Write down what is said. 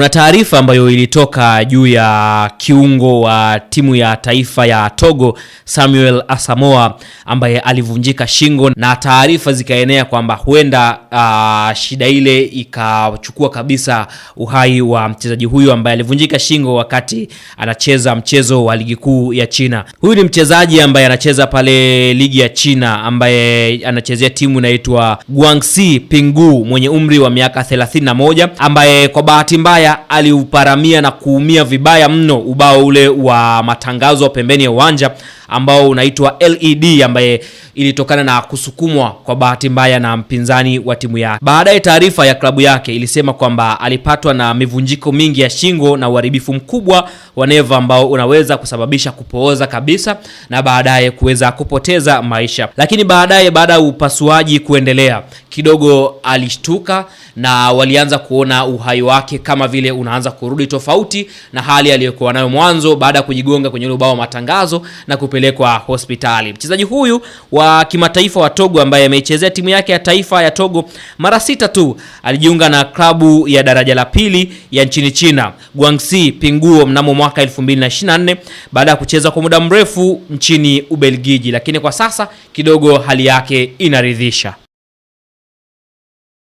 Kuna taarifa ambayo ilitoka juu ya kiungo wa timu ya taifa ya Togo Samuel asamoa ambaye alivunjika shingo, na taarifa zikaenea kwamba huenda uh, shida ile ikachukua kabisa uhai wa mchezaji huyu ambaye alivunjika shingo wakati anacheza mchezo wa ligi kuu ya China. Huyu ni mchezaji ambaye anacheza pale ligi ya China ambaye anachezea timu inaitwa Guangxi pingu mwenye umri wa miaka 31 ambaye kwa bahati mbaya Haya aliuparamia na kuumia vibaya mno ubao ule wa matangazo pembeni ya uwanja ambao unaitwa LED ambaye ilitokana na kusukumwa kwa bahati mbaya na mpinzani wa timu yake. Baadaye taarifa ya klabu yake ilisema kwamba alipatwa na mivunjiko mingi ya shingo na uharibifu mkubwa wa neva ambao unaweza kusababisha kupooza kabisa na baadaye kuweza kupoteza maisha. Lakini baadaye baada ya upasuaji kuendelea kidogo, alishtuka na walianza kuona uhai wake kama vile unaanza kurudi tofauti na hali aliyokuwa nayo mwanzo baada ya kujigonga kwenye ule ubao wa matangazo na kupe kupelekwa hospitali. Mchezaji huyu wa kimataifa wa Togo ambaye ameichezea timu yake ya taifa ya Togo mara sita tu alijiunga na klabu ya daraja la pili ya nchini China Guangxi Pinguo mnamo mwaka 2024 baada ya kucheza kwa muda mrefu nchini Ubelgiji, lakini kwa sasa kidogo hali yake inaridhisha.